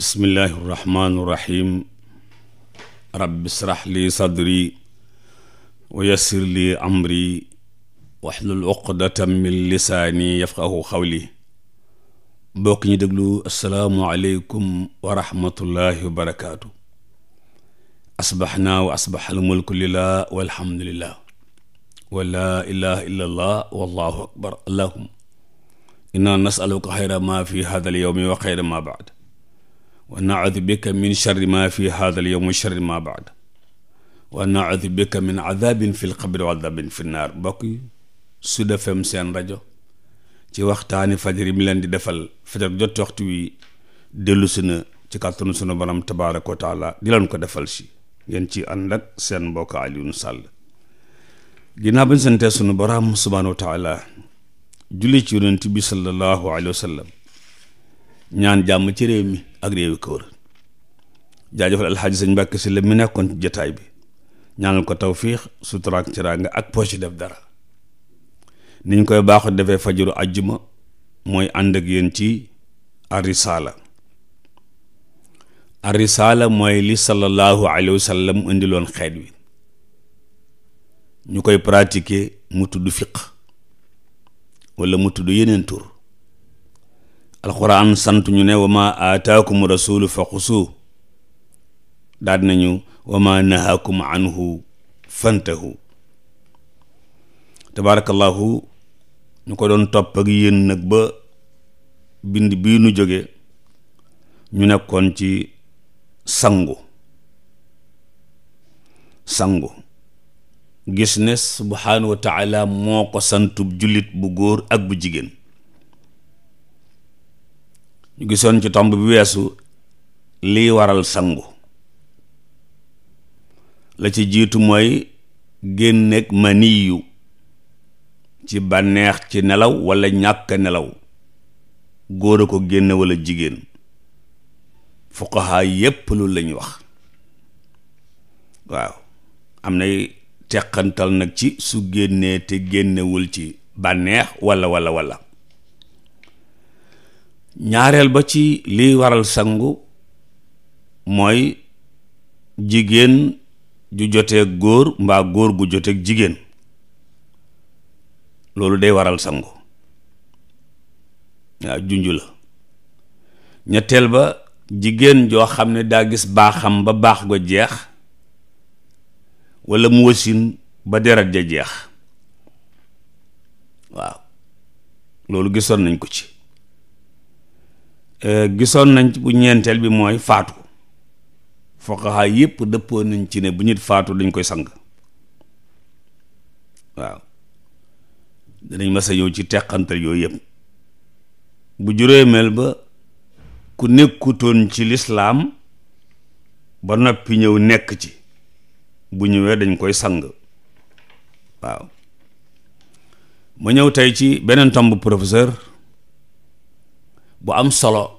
bismillahi irrahmani irrahim rabbi israh li sadri wa yassir li amri waxlul uqdatan min lisaani yafqahu xawli bokk ñu déglu assalaamu aleykum wa rahmatullahi wa barakaatu asbaxnaa wa asbax almulku lillah walhamdulillah wa laa ilaha illa allah wallahu akbar allahuma inna nasaluka xayra ma fi hada al yowmi wa xayra ma baad wa naudu bika min charri ma fi hada al yowm wa charri ma baad wa naudu bika min adabin fi lqabri wa adabin fi nnaar mbokk yi Sud FM seen rajo ci waxtaani fajar yi mi leen di defal fajar jot waxtu wi dellu si na ci kàttanu sunu borom tabaaraka wa taala di leen ko defal si ngeen ci ànd ak seen mbokk Alioune Sall ginnaaw bañ santee sunu borom subhaanahu wa julli ci yonent bi sallallahu alayhi wa ñaan jàmm ci réew mi ak réew yi ko wër jaajëfal alxaaji sëñ Mbàkke si la mi nekkoon ci jataay bi ñaanal ko tawfiix suturaak teraanga ak poche def dara ni ñu koy baaxu defee fajaru àjjuma mooy ànd ak yéen ci arisaala arisaala mooy li sallallahu alayhi wa sallam indiloon xeet wi ñu koy pratiquer mu tudd fiq wala mu tudd yeneen tur alxuraan sant ñu ne wa ma aataakum fa xusuu daal nañu wa ma nahaakum anhu fantahu tabaarakallaahu ñu ko doon topp ak yéen nag ba bind bi nu jóge ñu nekkoon ci sangu sangu gis ne subhaanahu wa taala moo ko santub jullit bu góor ak bu jigéen ñu gisoon ci tomb bi weesu lii waral sangu la ci jiitu mooy génneeg maniyu ci bànneex ci nelaw walla ñàkk nelaw góor a ko génne walla jigéen fuqaha yépp lu lañ wax waaw am nay teqantal nag ci su génnee te génnewul ci bànneex wala walla walla ñaareel ba ci liy waral sangu mooy jigéen ju joteeg góor mbaa góor gu joteeg jigéen loolu day waral sangu waaw junj la ñetteel ba jigéen joo xam ne daa gis baaxam ba baax go jeex walla mu wasin ba deret ja jeex waaw loolu gisoon nañ ko ci Euh, gisoon nañ bu ñeenteel bi mooy faatu foqaha yépp dëppoon nañ ci ne bu nit faatu dañ koy sang waaw danañ masa ñëw ci teqantal yooyu yëpp bu juróomeel ba ku nekkutoon ci lislaam ba noppi ñëw nekk ci bu ñëwee dañ koy sang waaw ma ñëw tey ci beneen tomb professeur bu am solo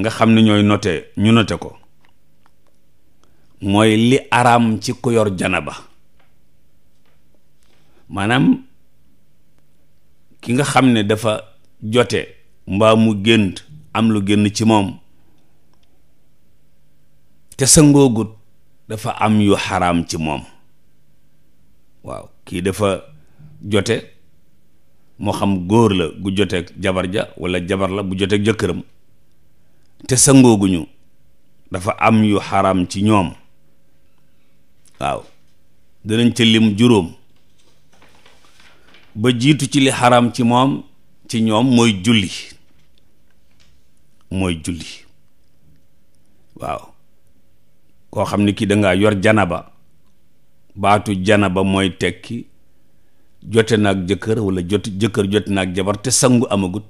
nga xam ne ñooy note ñu note ko mooy li araam ci ku yor janaba maanaam ki nga xam ne dafa jote mbaa mu gént am lu génn ci moom te sa sangoogut dafa am yu xaraam ci moom waaw kii dafa jote moo xam góor la gu joteeg jabar ja walla jabar la bu joteeg jëkkëram te sangooguñu dafa am yu xaram ci ñoom waaw danañ ci lim juróom ba jiitu ci li xaram ci moom ci ñoom mooy julli mooy julli waaw koo xam ne kii dangaa yor ba baatu jana ba mooy tekki jote naag jëkkër wala jot jëkkër jote ak jabar te sëngu amagut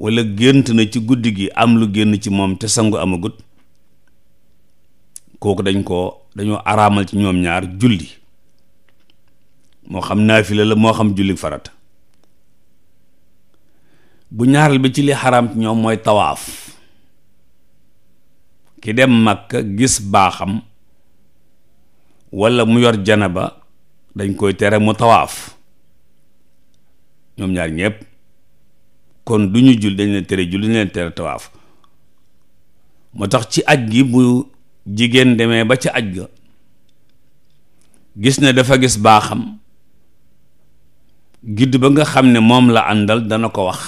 walla gént na ci guddi gi am lu génn ci moom te sangu ama amagut kooku dañ koo dañoo araamal ci ñoom ñaar julli moo xam naafila la moo xam julli farat bu ñaaral bi ci li xaraam ci ñoom mooy tawaaf ki dem Makka gis baaxam wala mu yor janaba dañ koy tere mu tawaaf ñoom ñaar ñépp kon du ñu jul dañ leen tere jul dañ leen tere tawaaf moo tax ci aj gi bu jigéen demee ba ca aj ga gis ne dafa gis baaxam gidd ba nga xam ne moom la àndal dana ko wax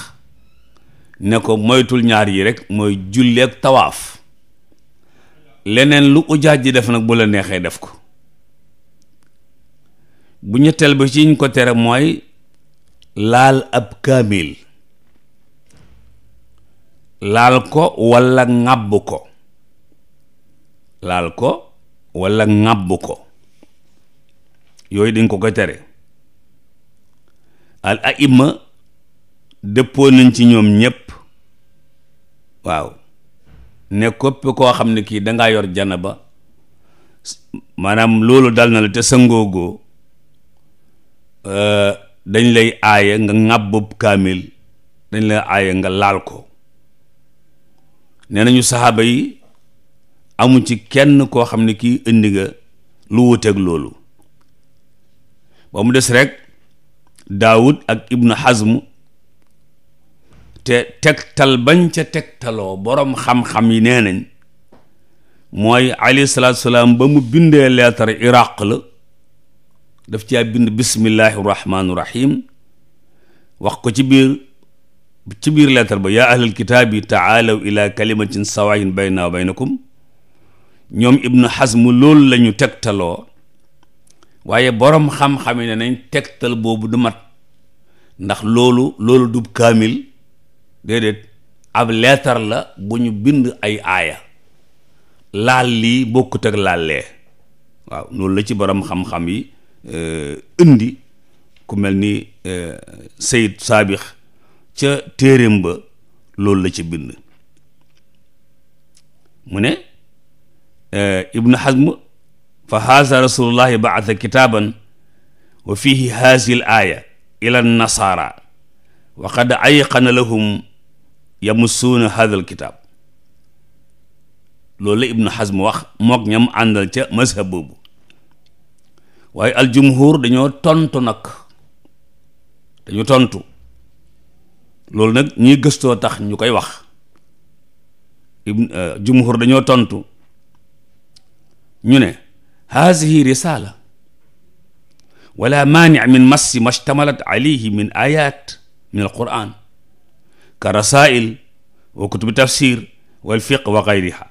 ne ko moytul ñaar yi rek mooy julleeg tawaaf leneen lu ujaaj ji def nag bu la neexee def ko bu ñetteel ba ci ñu ko tere mooy laal ab kaamil laal ko walla ŋàbb ko laal ko walla ŋàbb ko yooyu dañ ko koy tere a aima dëppoo nañ ci ñoom ñépp waaw ne képp koo xam ne kii dangaa yor jana ba maanaam loolu dal na la te sangoogoo euh, dañ lay aaya nga ŋàbb kaamil dañ lay aaya nga laal ko nee nañu saxaaba yi amu ci kenn koo xam ne kii indi nga lu wuteeg loolu ba mu des rek daawut ak Ibnu Hazm te tegtal bañ ca tegtaloo boroom xam-xam yi nee nañ mooy alayhi salaatu salaam ba mu bindee leetar iraq la daf ci bind bismillahi rahmaani rahim wax ko ci biir ci biir lettre ba yaa ahlal kitaabi taalaw ila kalimatin sawahin bayna wa baynakum ñoom ibnu xasm loolu lañu ñu tegtaloo waaye boroom xam-xam yi ne nañ tegtal boobu du mat ndax loolu loolu du kaamil déedéet ab leetar la bu ñu bind ay aaya laal lii bokkut ak laalee waaw loolu la ci boroom xam-xam yi euh, indi ku mel ni euh, Seyd Saabix ca téereem ba loolu la ca bind mu ne eh, ibnu hazm fa haza rasulullahi baata kitaaban wa fihi hazihi l aaya ila nasara wa qad ayqana lahum yamussuuna hadha al kitab la ibnu hazm wax ñam àndal ca mazhab boobu waaye aljumhur dañoo tontu nag tontu loolu nag ñiy gëstoo tax ñu koy wax ibn euh, jumhur dañoo tontu ñu ne haasihi risala wala maani min massi mashtamalat alayhi min ayat min alquran ka rasail wa kutubi tafsir wal fiq wa gayriha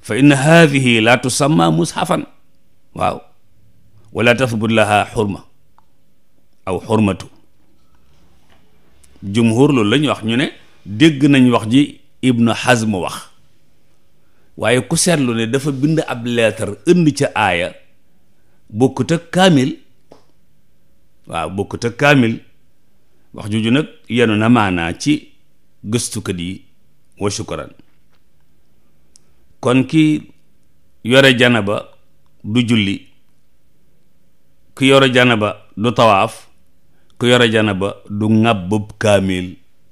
fa inna la tusamma mushafan waaw wala tathbut laha xurma aw xurmatu jumhur loolu la wax ñu ne dégg nañ wax ji ibnu Hazm wax waaye ku seetlu ne dafa bind ab leetar ënd ca aaya bokkut ak kaamil waaw bokkut ak kaamil wax juju nag yenu na maanaa ci gëstukat yi wa shukran kon ki yore janaba du julli ki yore janaba du tawaaf ku yore jana ba du ŋàbbub kaamil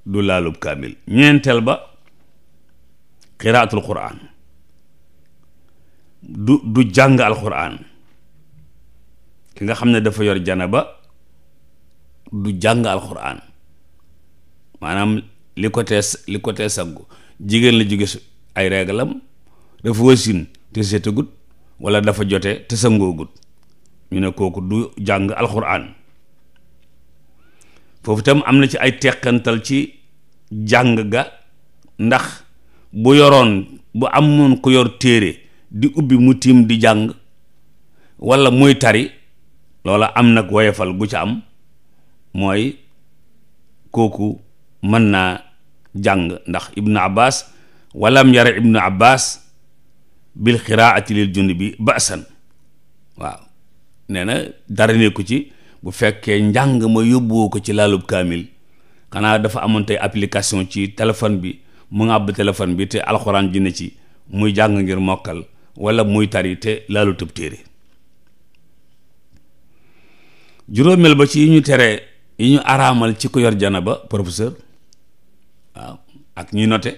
du laalub kaamil ñeenteel ba qiraatul quraan du du jàng alquraan ki nga xam ne dafa yor jana ba du jàng alquraan maanaam li ko tee li ko tee sangu jigéen la jóge ay reegalam dafa wasin te seetagut wala dafa jote te sa sangoogut ñu ne kooku du jàng alquraan foofu itam am na ci ay teqantal ci jàng ga ndax bu yoroon bu amoon ku yor téere di ubbi mu tiim di jàng walla muy tari loola am nag woyefal gu ci am mooy kooku mën naa jàng ndax ibnu abbas walam yara ibnu abbas bil xiraati lil junubi ba'san waaw nee na dara nekku ci bu fekkee njàng ma yóbbuwoo ko ci laalub kaamil xanaa dafa amoon tey application ci téléphone bi mu nga téléphone bi te alxuraan ji ci muy jàng ngir mokkal wala muy tari te laalu tëb téere juróomeel ba ci yi ñu tere yi ñu araamal ci ku yor ba professeur ak ñi note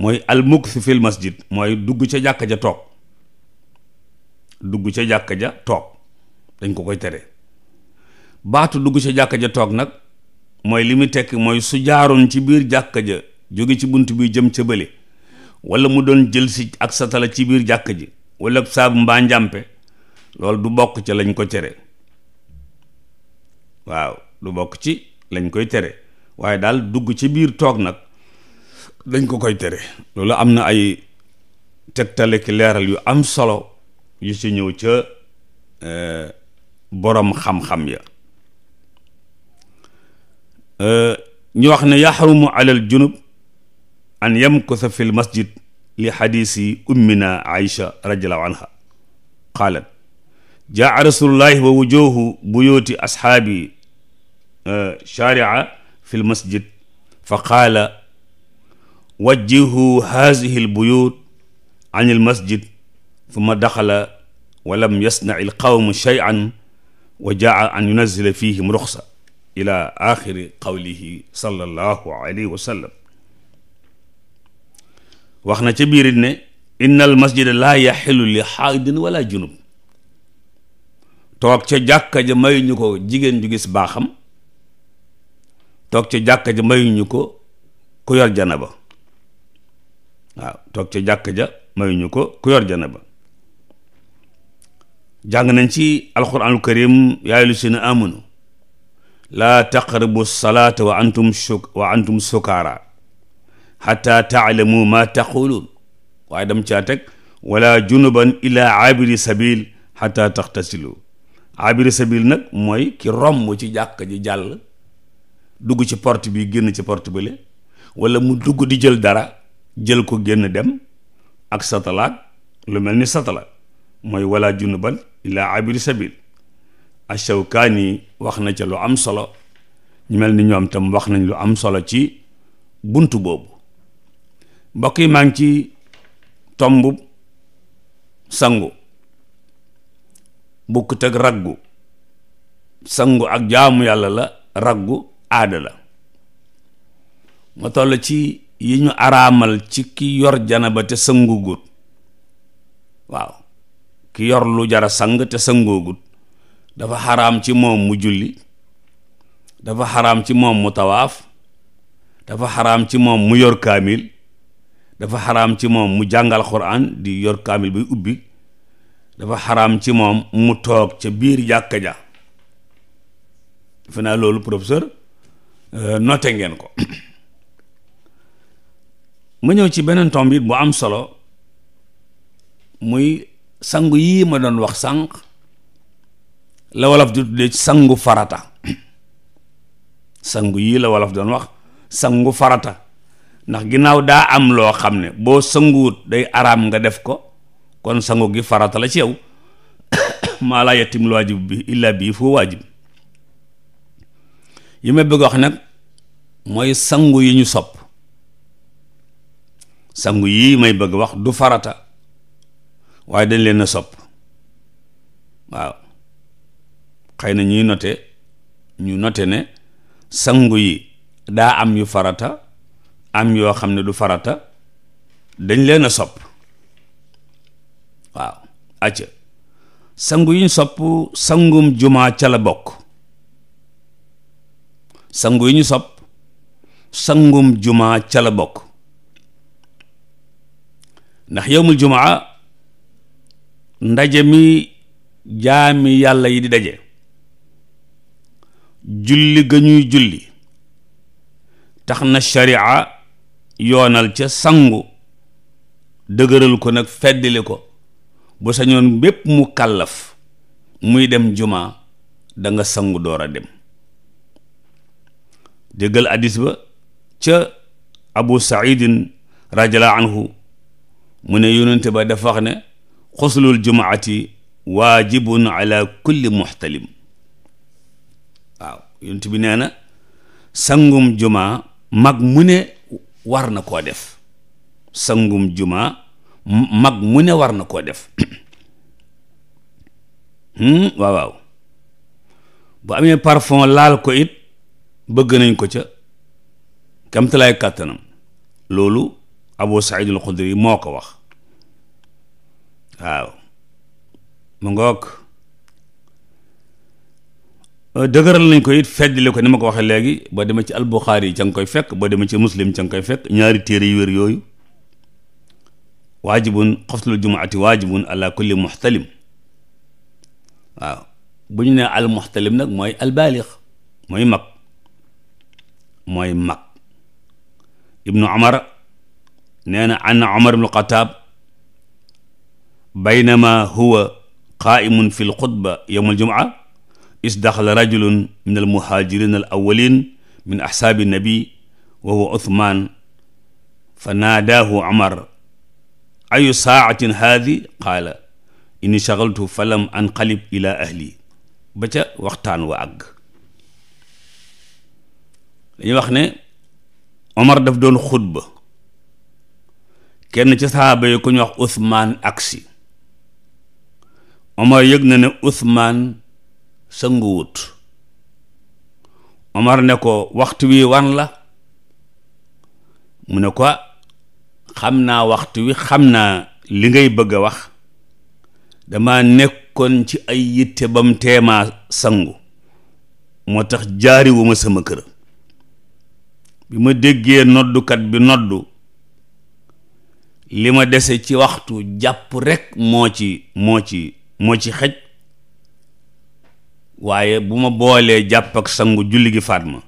mooy almukth fil masjid mooy dugg ca jàkka ja toog dugg ca jàkka ja toog dañ ko koy tere baatu dugg ci jàkka ja toog nag mooy li muy tekki mooy su jaaroon ci biir jàkka ja jóge ci bunt bi jëm ca bële wala mu doon jël si ak satala ci biir jàkka ji wala saabu mbaa njàmpe loolu du bokk ci lañ ko tere waaw du bokk ci lañ koy tere waaye daal dugg ci biir toog nag dañ ko koy tere loolu am na ay tegtale ki leeral yu am solo yu si ñëw ca eh, borom xam-xam ya ñu wax ne yaxrumu ala al junub an yamkusa fi l masjid li xadiisi ummina aïcha radiallahu anha qaalat jaa rasulullahi wa wujuhu buyuti ashaabi euh, shaaria fi l masjid fa qaala wajjihu haadihi l buyut an il masjid summa daxala wa lam yasnaci l qawmu cheyan wa jaa an yunazila fihim ruxsa ila axiri qawlihi sallallahu alayhi wa wax na ca biirit ne inna al masjida laa li xaadin wala junub toog ca jàkka ja mayuñu ko jigéen ju gis baaxam toog ca jàkka ja mayuñu ko ku yor janaba toog ca jàkka ja mayuñu ko ku yor janaba jàng nañ ci alquranul karim yaa ayyuhal lazina amanu la taqrabu salaata wa antum suk wa antum sukaara xatta taalamu ma taquluun waaye dem caa teg wala junuban ila abiri sabil xatta taxtasilu abiri sabil nag mooy ki romb ci jàkk ji jàll dugg ci port bi génn ci porte bële wala mu dugg di jël dara jël ko génn dem ak satalaat lu mel ni satala mooy wala junuban ila abiri sabil Ashawkaani wax na ca lu am solo ñu mel ni ñoom tam wax nañ lu am solo ci bunt boobu mbokk yi maa ngi ci tomb sangu bukkut ak raggu sangu ak jaamu yàlla la raggu aada ma toll ci yi ñu araamal ci ki yor janaba te sangugut waaw ki yor lu jara sang te sangugut dafa xaraam ci moom mu julli dafa xaraam ci moom mu tawaaf dafa xaraam ci moom mu yor kaamil dafa xaraam ci moom mu jàngal xuraan di yor kaamil bi ubbi dafa xaraam ci moom mu toog ca biir jàkka ja defe naa loolu professeur euh, noté ngeen ko ma ñëw ci beneen tomb bu am solo muy sangu yii ma doon wax sànq la wolof di tuddee sangu farata sangu yii la wolof doon wax sangu farata ndax ginnaaw daa am loo xam ne boo sanguwut day araam nga def ko kon sangu gi farata la ci yow maa laa yatimul waajib bi illa bii foo waajib yi ma bëgg wax nag mooy sangu yi ñu sopp sangu yii may bëgg wax du farata waaye dañ leen a sopp waaw xëy na ñuy note ñu note ne sangu yi daa am yu farata am yoo xam ne du farata dañ leen a sopp waaw acca sangu yi ñu sopp sangum jumaa ca la bokk sangu yi ñu sopp sangum jumaa ca la bokk ndax yowmul jumaa ndaje mi jaami yàlla yi di daje julli ga ñuy julli tax na sharia yoonal ca sangu dëgëral ko nag feddli ko bu ñoon bépp mu kàllaf muy dem jumaa danga sangu door a dem déggal addis ba ca abu saidin rajallahu anhu mu ne yonente ba dafa wax ne xuslul jumaati waajibun ala kulli muxtalim yonent bi nee na sangum jumaa mag mu ne war na koo def sangum jumaa mag mu ne war na koo def hmm? waaw waaw bu amee parfum laal ko it bëgg nañ ko ca kamtalaay kàttanam loolu Abu Saïd al moo ko wax waaw mu ngoog Euh, dëgëral nañ ko it feddli ko ni ma ko waxee léegi boo demee ci albuxaari yi ca nga koy fekk boo demee ci muslim ca nga koy fekk ñaari téere yu wér yooyu waajibun xaflul jumaati waajibun ala kulli muxtalim waaw bu ñu nee al muxtalim nag mooy albaalix mooy mag mooy mag ibnu omar nee na an omar ibnu xataab baynama huwa qaimun fi l xutba yowm al jumaa isdaxla rajulun min al muhajirin al awalin min ahsaabi nabi wa huwa uthman fa naadaahu omar ayu saatin haadi qaala inni shagaltu falam anqalib ila ahli ba ca waxtaan wa àgg dañuy wax ne omar daf doon xutba kenn ci sahaaba yi ku ñu wax uthman aksi omar yëg na ne uthman sënguwut Omar ne ko waxtu wi wan la mu ne ko xam naa waxtu wi xam naa li ngay bëgg wax dama nekkoon ci ay yitte mu teemaa sangu moo tax jaariwuma sama kër bi ma déggee noddukat bi noddu li ma dese ci waxtu jàpp rekk moo ci moo ci moo ci xej waaye bu ma boolee jàpp ak sangu julli gi faat ma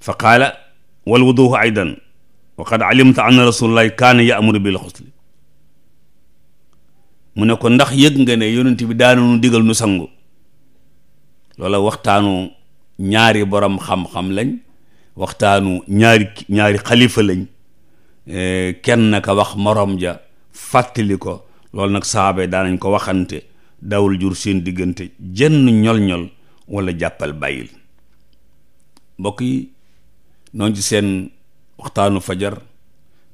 fa qaala wal wuduhu aydan wa qad alimta anna rasulullahi kaana yaamuru bil xusli mu ne ko ndax yëg nga ne yonent bi daananu digal nu sangu loola waxtaanu ñaari borom xam-xam lañ waxtaanu ñaari ñaari xalifa lañ e, kenn naka wax morom ja fàttali ko loolu nag saaba daanañ ko waxante dawul jur seen diggante jenn ñol-ñol wala jàppal bàyyil mbokk yi noonu ci seen waxtaanu fajar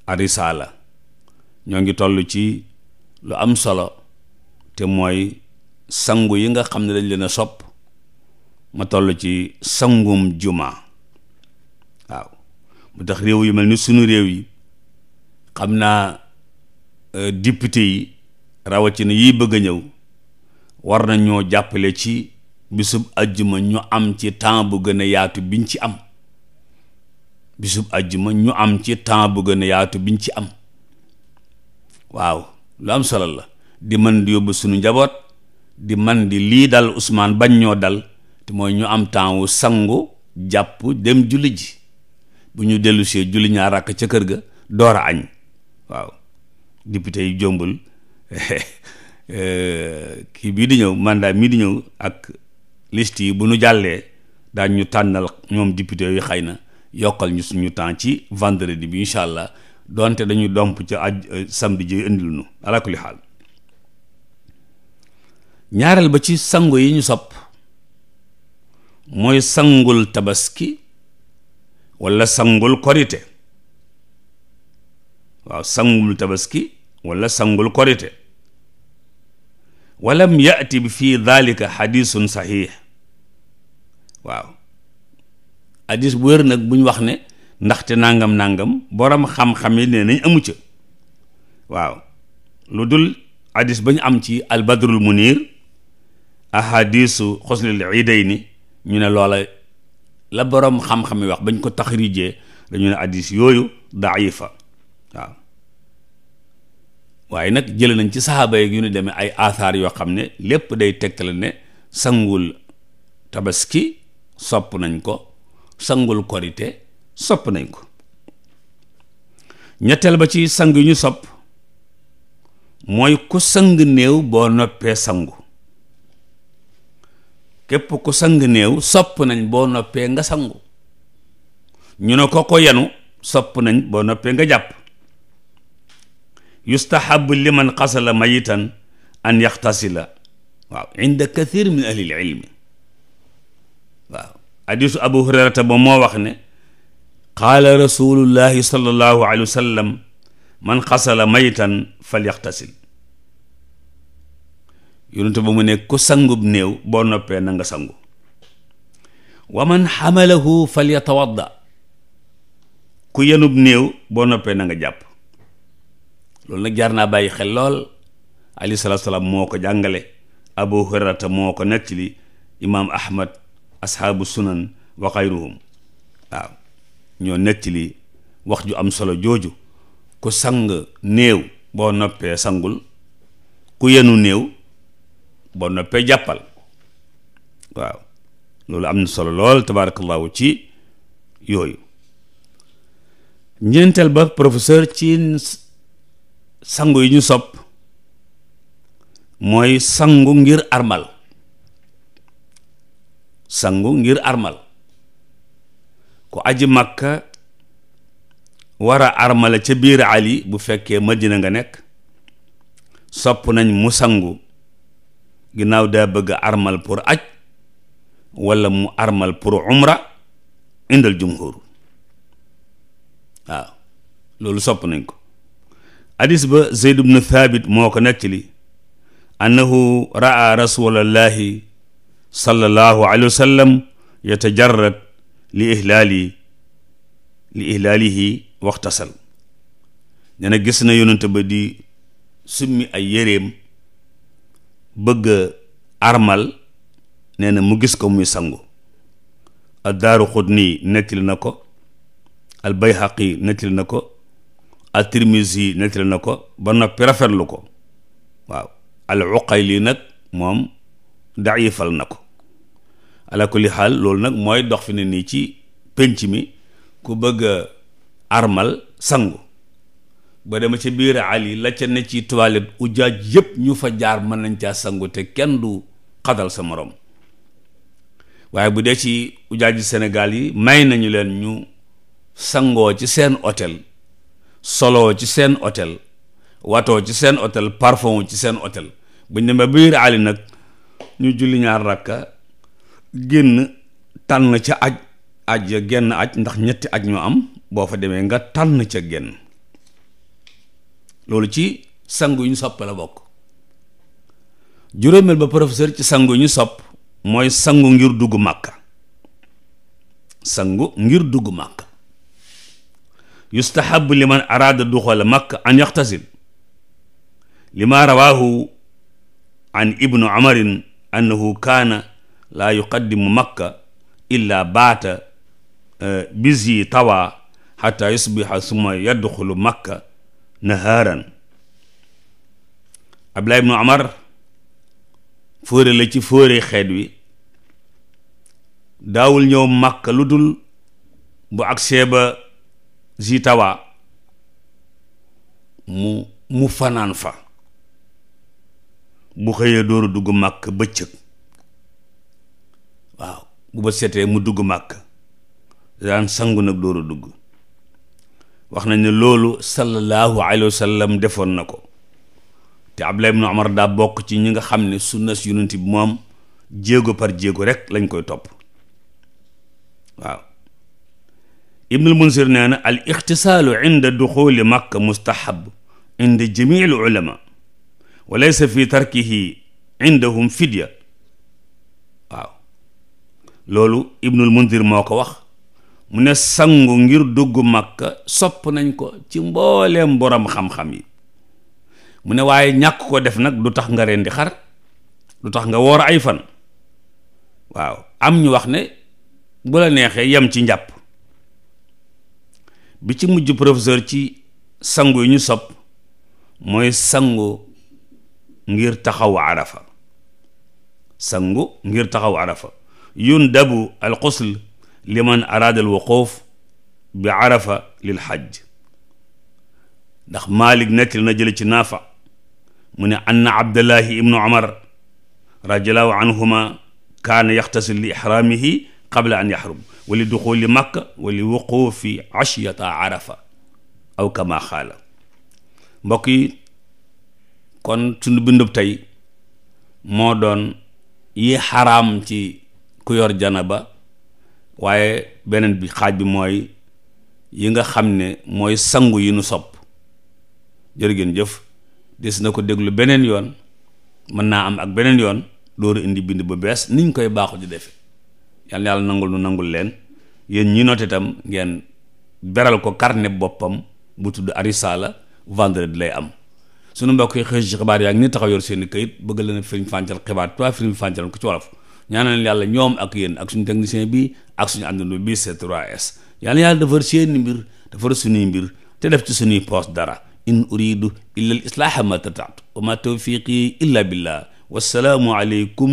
arisaala ñoo ngi toll ci lu am solo te mooy sangu yi nga xam ne dañ leen a sopp ma toll ci sangum jumaa waaw mu tax réew yu mel ni sunu réew yi xam naa euh, député yi rawatina yiy bëgg a ñëw war na ñoo jàppale ci bisub ajjuma ñu am ci temps bu gën yaatu biñ ci am bisub ajjuma ñu am ci temps bu gëna yaatu biñ ci am waaw lu am solo la di mën di yóbbu sunu njaboot di man di lii dal Ousmane bañ ñoo dal te mooy ñu am temps wu sangu jàpp dem julli ji bu ñu dellusee julli ñaar rakk ca kër ga door a añ waaw député yi jombul Eh, kii bii di ñëw mandat mii di ñëw ak liste yi bu nu jàllee daañ ñu tànnal ñoom député yi xëy na yokkal ñu suñu temps ci vendredi bi incha allah donte dañuy domp ca aj eh, samedi ji indil nu ala kulli xaal ñaareel ba ci sangu yi ñu sopp mooy sangul tabaski walla sangul korite waaw sangul tabaski walla sangul korite walam yati bi fii dalika xadisun saxiix waaw hadis bu wér nag buñ wax ne ndaxte nangam nangam borom xam-xam yi nee nañ amu ca waaw lu dul hadis ba ñu am ci albadrul munir ahadisu xusnil ni ñu ne loola la boroom xam-xam yi wax bañ ko taxrijee dañu ne hadis yooyu daifa waaye nag jële nañ ci saxaaba yi yu ñu demee ay aathaar yoo xam ne lépp day tegtale ne sangul tabaski sopp nañ ko sangul korite sopp nañ ko ñetteel ba ci sang yu ñu sopp mooy ku sang néew boo noppee sangu képp ku sang néew sopp nañ boo noppee nga sangu ñu ne ko ko yanu sopp nañ boo noppee nga jàpp yustahabu liman xasala mayitan an yaxtasila waaw inda kathir min ahlil ilmi waaw hadisu abu hurairata ba moo wax ne qaala rasulullahi sallallahu alayhi wa sallam man xasala mayitan fal yaxtasil yonente ba mu ne ku sangub néew boo noppee na nga sangu wa man xamalahu fal yatawadda ku yenub néew boo noppee na nga jàpp loolu nag jaar naa bàyyi xel lool alayhi salaam moo ko jàngale abu hurayrata moo ko nettali imaam ahmad ashaabu sunan wa xayruhum waaw ñoo nettali wax ju am solo jooju ku sang néew boo noppee sangul ku yenu néew boo noppee jàppal waaw loolu am na solo lool tabaarakallaahu ci yooyu ñeenteel ba professeur ci sangu yi ñu sopp mooy sangu ngir armal sangu ngir armal ku aji makka war a ca biir ali bu fekkee madina nga nekk sopp nañ mu sangu ginnaaw daa bëgg armal pour aj wala mu armal pour umra indal jumhur loolu sopp nañ ko hadis ba zeyd bnu thabit moo ko nettali annahu raa rasulallahi sallallahu alayhi wa sallam li ihlaali li ihlaalihi waxtasal nee na gis na yonent ba di summi ay yéreem bëgga armal nee na mu gis ko muy sangu ad daaru xudni na ko al bayhaqi nettali na ko at-Tirmizi nettali na ko ba noppi rafetlu ko waaw al-Uqayli nag moom daayifal na ko ala kulli xaal loolu nag mooy dox fi ne nii ci penc mi ku bëgg a armal sangu ba ma ca biir ali la ca ne ci toilette ujaaj yëpp ñu fa jaar mën nañ caa sangu te kenn du xadal sa morom waaye bu dee ci ujaaj senegal yi may nañu leen ñu sangoo ci seen otel soloo ci seen otel watoo ci seen otel parfum ci seen hôtel buñ demee biir ali nag ñu julli ñaar rakka génn tànn ca aj aj ya genn aj ndax ñetti aj ñoo am boo fa demee nga tànn ca genn loolu ci sangu yu ñu sopp la bokk juróomeel ba professeur ci sangu ñu sopp mooy sangu ngir dugg màkka sangu ngir duggu màkk yustahabu liman araada duxola makk an yaxtasil lima rawaahu an ibnu amarin annahu kaana laa yuqaddimu makka illa baata e, bisi tawaa xata yusbiha summa yadxulu makka nahaaran abdulaay ibnu amar fóore la ci fóore xeet wi daawul ñëw makka lu dul bu agsee ba Zitawa mu mu fanaan fa bu xëyee dooru dugg màkk bëccëg waaw bu ba setee mu dugg màkk daan sangu nag dooru dugg wax nañ ne loolu sallallahu alayhi wa sallam defoon na ko te Abdullah ibn Umar daa bokk ci ñi nga xam ne sunna si yonent bi moom jéego par jéego rek lañ koy topp waaw ibnul munsir nee na al ixtisaalu inda duxuli makka mustahab inda jamii al ulama wa fi tarkihi waaw loolu ibnul munzir moo ko wax mu ne sangu ngir dugg makka sopp nañ ko ci mbooleem borom xam-xam yi mu ne waaye ñàkk ko def nag du tax nga rendi xar du tax nga woor ay fan waaw am ñu wax ne bu la neexee yem ci njàpp bi ci mujj professeur ci sangu yu ñu sopp mooy sangu ngir taxaw arafa sangu ngir taxaw arafa yundabu al xusl liman araada al bi arafa lil xajj ndax Malik nettali na jële ci naafa mu ne anna abdallahi ibnu omar radiallahu anhuma kaana yaxtasil li ixraamihi qabla an yaxrum wali duxuuli makka wali wuquufi ashiyata arafa aw kama xaala mbokk yi kon sunu bindub tey moo doon yi xaraam ci ku yor ba waaye beneen bi xaaj bi mooy yi nga xam ne mooy sangu yi nu sopp jërë ngeen jëf des na ko déglu beneen yoon mën naa am ak beneen yoon loolu indi bind bu bees niñ koy baaxu di defe yal na yàlla nangul nu nangul leen yéen ñi noté itam ngeen beral ko carnet boppam bu tudd arisala vendredi lay am sunu mbokk yi xëy ci xibaar yaa ngi ni taxaw yor seen kayit këyit bëgg leen firim fàncal xibaar toi firim fàncal ko ci wolof ñaanal yàlla ñoom ak yéen ak suñu technicien bi ak suñu àndandoo bi C3S yal na yàlla defar seeni mbir defar suñuy mbir te def ci suñuy poos dara in uridu illa al ma tataatu wa ma tawfiqi illa billah wassalaamu aleykum